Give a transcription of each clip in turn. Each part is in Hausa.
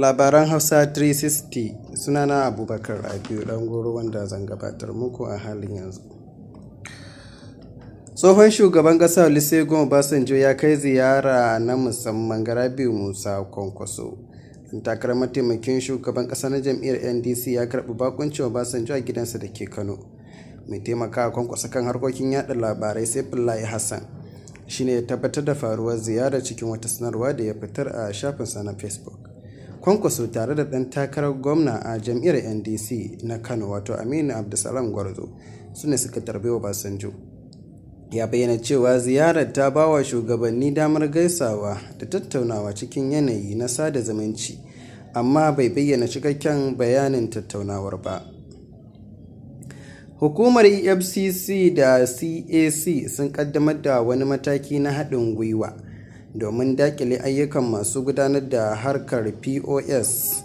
Labaran Hausa 360 sunana Abubakar Rabiu goro wanda zan gabatar muku a halin yanzu. Tsohon shugaban ƙasa Olusegun Obasanjo ya kai ziyara na musamman ga Rabiu Musa Kwankwaso. Takarar mataimakin shugaban ƙasa na jam'iyyar NDC ya karbi bakuncin Obasanjo a gidansa da ke Kano. Mai taimaka Kwankwaso kan harkokin yada labarai sai Fulai Hassan. shine ya tabbatar da faruwar ziyara cikin wata sanarwa da ya fitar a shafinsa na Facebook. kwankwaso tare da ɗan takarar gwamna a jam'iyyar ndc na kano wato aminu abdulsalam gwarzo su ne suka tarbe wa basanjo. ya bayyana cewa ziyarar ta ba wa shugabanni damar gaisawa da tattaunawa cikin yanayi na sada zumunci amma bai bayyana cikakken bayanin tattaunawar ba hukumar efcc da cac sun kaddamar da wani mataki na haɗin gwiwa domin dakile ayyukan masu gudanar da harkar pos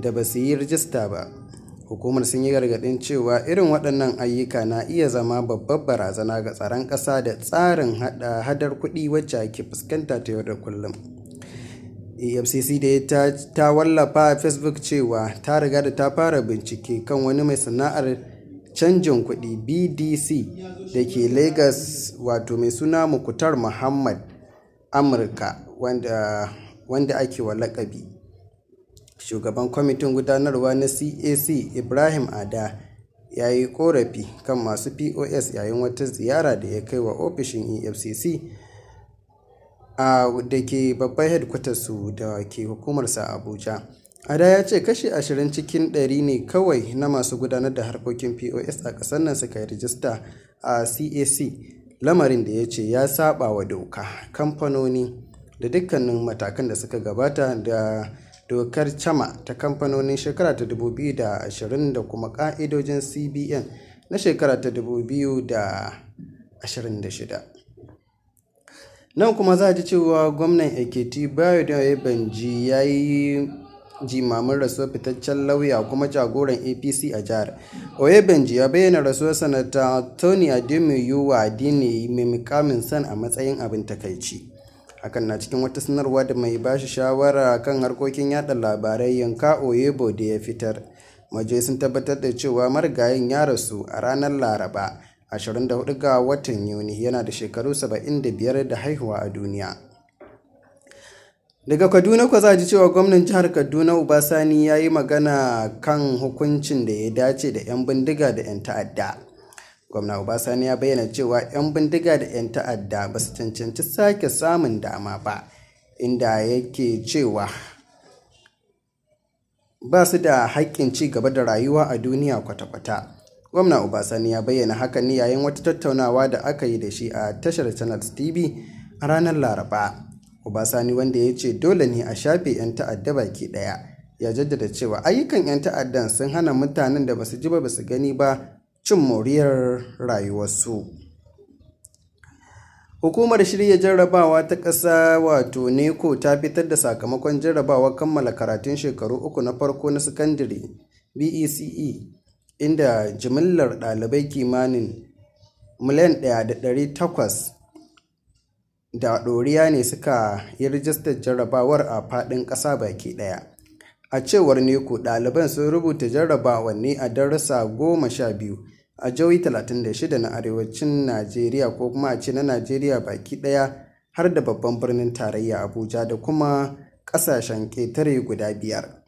da ba su yi rijista ba hukumar sun yi gargadin cewa irin waɗannan ayyuka na iya zama babbar barazana ga tsaron ƙasa da tsarin hadar kuɗi wacce ake fuskanta ta yau da kullum efcc da ya ta wallafa a facebook cewa ta riga da ta fara bincike kan wani mai sana'ar canjin kuɗi bdc da ke lagos wato mai suna mukutar muhammad amurka wanda, wanda ake wa lakabi shugaban kwamitin gudanarwa na cac ibrahim ada ya yi korafi kan masu pos yayin wata ziyara da ya kai wa ofishin efcc a da ke babban su da ke hukumarsa abuja ada ya ce kashi ashirin cikin ɗari ne kawai na masu gudanar da harkokin pos a ƙasar nan suka yi rijista a cac lamarin da ya ce ya saba wa doka kamfanoni da dukkanin matakan da suka gabata da dokar cama ta kamfanonin shekara ta 2020 da kuma ka'idojin cbn na shekara ta 2026 nan kuma za a ji cewa gwamnan ekiti bayo da banji ya yi jimamin rasuwar fitaccen lauya kuma jagoran apc a jihar oyebenji ya bayyana rasuwar sanata tony wa addini mai mukamin san a matsayin abin takaici hakan na cikin wata sanarwa da mai bashi shawara kan harkokin yada labarai yanka oyebo da ya fitar maje sun tabbatar da cewa marigayin ya rasu a ranar laraba 24 ga watan yuni yana da shekaru 75 da haihuwa a duniya Daga Kaduna kwa za ji cewa gwamnan jihar Kaduna Ubasani ya yi magana kan hukuncin da ya dace da 'yan bindiga da 'yan ta'adda. Gwamna Ubasani ya bayyana cewa 'yan bindiga da 'yan ta'adda ba su cancanci sake samun dama ba, inda yake cewa ba su da haƙƙin ci gaba da rayuwa a duniya kwata-kwata. Gwamna Ubasani ya bayyana haka ne yayin wata tattaunawa da aka yi da shi a tashar Channels TV a ranar Laraba. Obasani wanda ya ce dole ne a shafe 'yan ta'adda baki ɗaya ya jaddada cewa ayyukan 'yan ta'addan sun hana mutanen da basu ji ba basu gani ba cin moriyar rayuwarsu. Hukumar shirya jarrabawa ta ƙasa wato neko ta fitar da sakamakon jarrabawa kammala karatun shekaru uku na farko na sakandare BECE e, inda jimillar ɗalibai kimanin miliyan ɗaya da ɗari takwas da ɗoriya ne suka yi rijistar jarrabawar a faɗin ƙasa baki ɗaya a cewar neku ɗaliban sun rubuta jarrabawar ne a darussa goma sha biyu a jawi 36 na arewacin najeriya ko kuma a ce na najeriya baki ɗaya har da babban birnin tarayya abuja da kuma ƙasashen ƙetare guda biyar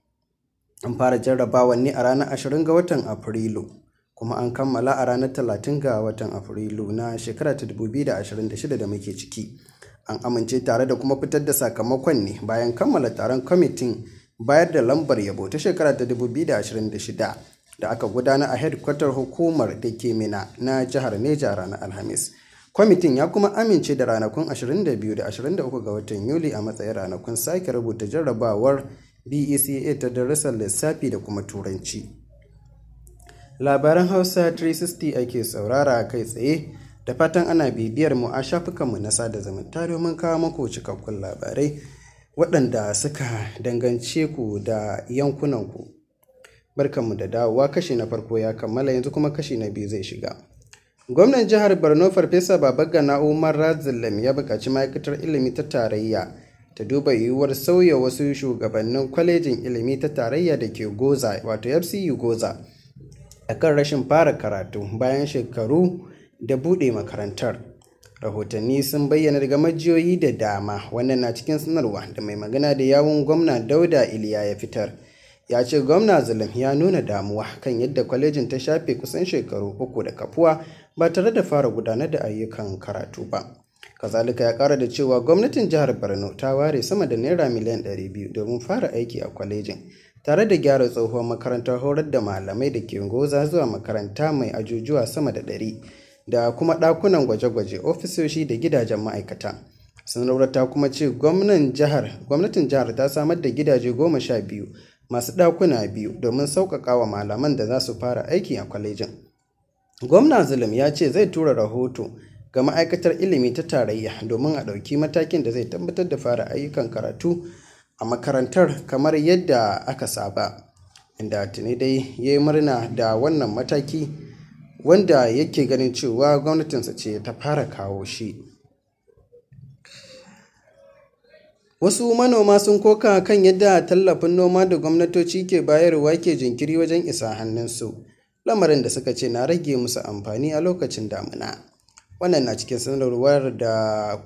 an fara jarrabawar ne a ranar 20 ga watan afrilu kuma an kammala a ranar 30 ga watan afrilu na shekara 2026 da muke ciki an amince tare da kuma fitar da sakamakon ne bayan kammala taron kwamitin bayar da lambar yabo ta shekara ta 2026 da aka gudana a hedkwatar hukumar da ke mina na jihar neja ranar alhamis kwamitin ya kuma amince da ranakun 22 da 23 ga watan yuli a matsayin ranakun sake rubuta jarrabawar beca ta darussan lissafi da kuma turanci labaran hausa 360 ake saurara kai tsaye da fatan ana bibiyar mu a shafukanmu na sada zumunta domin kawo muku cikakkun labarai waɗanda suka dangance ku da yankunanku barkanmu da dawowa kashi na farko ya kammala yanzu kuma kashi na biyu zai shiga gwamnan jihar borno farfesa na umar razilam ya buƙaci ma'aikatar ilimi ta tarayya ta duba yiwuwar sauya wasu shugabannin kwalejin ilimi ta tarayya da ke goza wato fcu goza kan rashin fara karatu bayan shekaru da buɗe makarantar rahotanni sun bayyana daga majiyoyi da dama wannan na cikin sanarwa da mai magana da yawun gwamna dauda iliya ya fitar ya ce gwamna zulum ya nuna damuwa kan yadda kwalejin ta shafe kusan shekaru uku da kafuwa ba tare da fara gudanar da ayyukan karatu ba kazalika ya kara da cewa gwamnatin jihar borno ta ware sama da naira miliyan biyu domin fara aiki a kwalejin tare da gyara tsohuwar makarantar horar da malamai da ke goza zuwa makaranta mai ajujuwa sama da ɗari. da kuma ɗakunan gwaje-gwaje ofisoshi da gidajen ma'aikata sanarwar ta kuma ce gwamnatin jihar ta samar da gidaje goma sha biyu masu ɗakuna biyu domin sauƙaƙa wa malaman da za su fara aiki a kwalejin gwamna zulum ya ce zai tura rahoto ga ma'aikatar ilimi ta tarayya domin a ɗauki matakin da zai tabbatar da fara ayyukan karatu a makarantar kamar yadda aka saba inda tuni dai ya yi murna da wannan mataki wanda yake ganin cewa gwamnatinsa ce ta fara kawo shi wasu manoma sun koka kan yadda tallafin noma da gwamnatoci ke bayarwa ke jinkiri wajen isa hannunsu lamarin da suka ce na rage musu amfani a lokacin damuna. wannan na cikin sanarwar da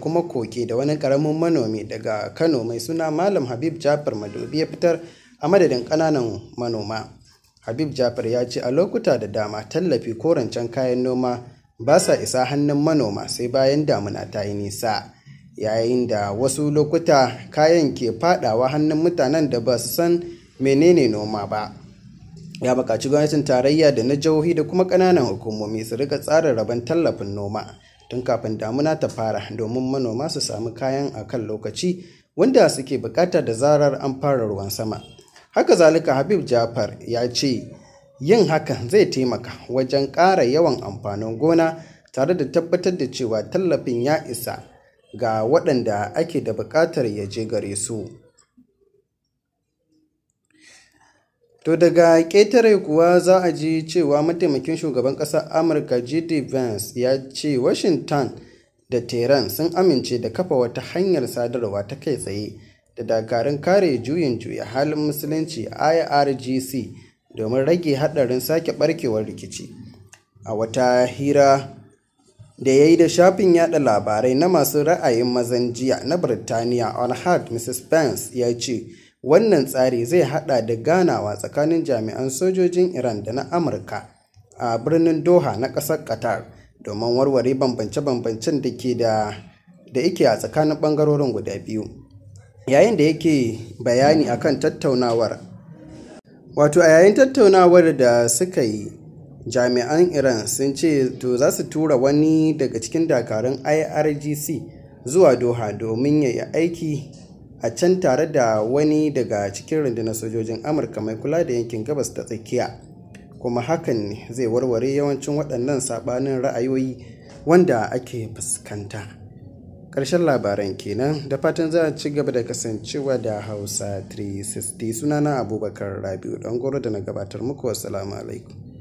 kuma koke da wani karamin manomi daga kano mai suna malam habib jafar madobi ya fitar a madadin ƙananan manoma habib jafar ya ce a lokuta da dama tallafi ko rancen kayan noma ba sa isa hannun manoma sai bayan damuna ta yi nisa yayin da wasu lokuta kayan ke fadawa hannun mutanen da ba su san menene noma ba ya bukaci gwamnatin tarayya da na jihohi da kuma ƙananan hukumomi su rika tsara rabon tallafin noma tun kafin damuna ta fara domin manoma su samu kayan a kan lokaci wanda suke bukata da zarar an fara ruwan sama haka zalika habib jafar ya ce yin haka zai taimaka wajen ƙara yawan amfanin gona tare da tabbatar da cewa tallafin ya isa ga waɗanda ake da buƙatar ya je gare su To daga ƙetare kuwa za a ji cewa mataimakin shugaban ƙasar Amurka gd Vance ya ce Washington da Tehran sun amince da kafa wata hanyar sadarwa ta kai tsaye da dakarun kare juyin juya halin musulunci irgc domin rage hadarin sake barkewar rikici a wata hira da ya yi da shafin yada labarai na masu ra'ayin mazan jiya na birtaniya on hard mrs pence ya ce wannan tsari zai hada da ganawa tsakanin jami'an sojojin iran da na amurka a birnin doha na ƙasar qatar domin warware bambance-bambancen da ke da ike a tsakanin ɓangarorin guda biyu yayin da yake bayani akan tattaunawar wato a yayin tattaunawar da suka yi jami'an iran sun ce to za su tura wani daga cikin dakarun irgc zuwa doha domin ya yi aiki a can tare da wani daga cikin rundunar sojojin amurka mai kula da yankin gabas ta tsakiya kuma hakan ne zai warware yawancin waɗannan saɓanin ra'ayoyi wanda ake fuskanta. ƙarshen labaran kenan da fatan za a ci gaba da kasancewa da hausa 360 sunana abubakar rabiu don goro da na gabatar muku wasu alaikum